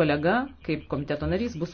kolega, kaip komiteto narys, bus